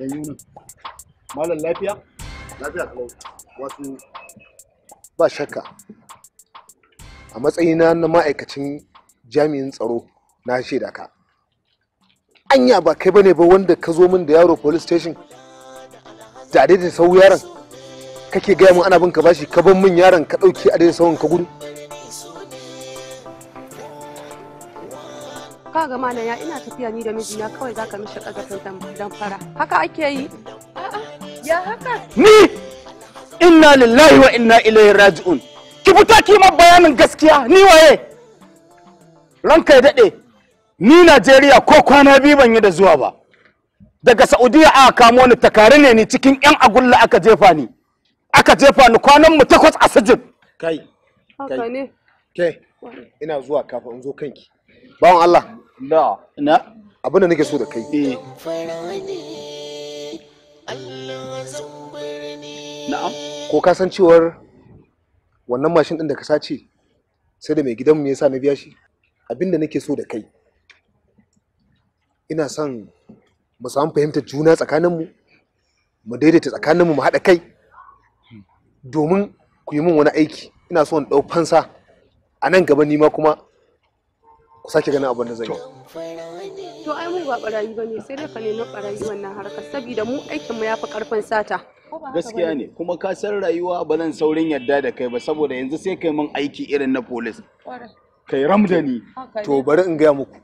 dan yunin lafiya lafiya ba shakka a matsayina na ma'aikacin jami'in tsaro na shaida ka anya ba kai bane ba wanda ka zo min da yaro police station da adadin sau yaron kake gaya min ana bin ka bashi ka ban min yaron ka ɗauki adadin sauran ka gudu ka ga malam ya ina tafiya ni da mijina kawai zaka mishi kazafin dan fara haka ake yi ya haka ni inna lillahi wa inna ilaihi raji'un ki fita ki ma bayanin gaskiya ni waye ranka ya dade ni Najeriya ko kwana biyu ban yi da zuwa ba daga Saudiya aka kamo ni takari ne ni cikin yan agulla aka jefa ni aka jefa ni kwanan mu takwas a kai kai ke ina zuwa kafin zo kanki bawan Allah na abin da nake so da kai eh. na'am ko ka san cewar wannan mashin din da ka sace sai da mai gidanmu ya sa na biya shi abin da nake so da kai ina son mu samu fahimtar juna tsakaninmu mu daidaita tsakaninmu mu haɗa kai domin ku yi min wani aiki ina so in ɗau fansa a nan gaba nima kuma ku sake ganin abin da zai yi to ai mu ba barayi bane sai dai ka nemi barayi wannan harkar saboda mu aikin mu yafi karfin sata gaskiya ne kuma ka san rayuwa ba nan saurin yadda da kai ba saboda yanzu sai kai min aiki irin na polis kai ramdani to bari in gaya muku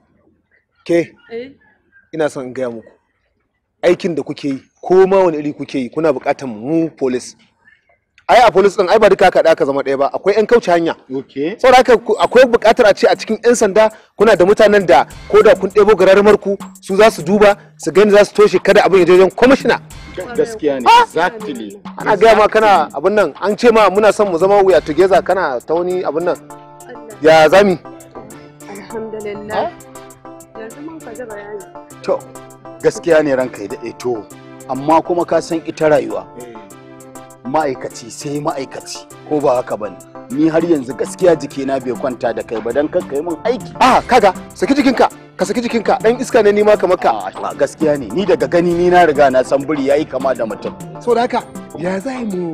ke eh? ina son in gaya muku aikin da kuke yi ko ma wani iri kuke yi kuna buƙatar mu polis ai a police din ai ba duka ka zama ɗaya ba akwai yan kauce hanya okay saboda haka akwai buƙatar a ce a cikin yan sanda kuna da mutanen da ko da kun ɗebo gararmar ku su za su duba su gani za su toshe kada abin ya je wajen commissioner gaskiya ne ah! exactly ana gaya ma kana abin nan an ce ma muna son mu zama we are together kana ta wani abin nan ya zami alhamdulillah ah? bayani to gaskiya ne ranka ya daɗe to amma kuma ka san ita rayuwa eh. ma'aikaci sai ma'aikaci ko ba haka bane ni har yanzu gaskiya jikina bai kwanta da kai ba dan kan kai min aiki a kaga saki jikinka ka saki jikinka dan iska ne ma kamar ka gaskiya ne ni daga gani ni na riga na san buri yayi kama da mutum so da haka ya zai mu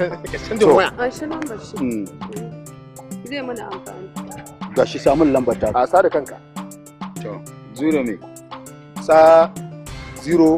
canza waya a shi lambar shi hmm. zai mana amfani gashi samun lambar ta a sa da kanka to zero ne sa zero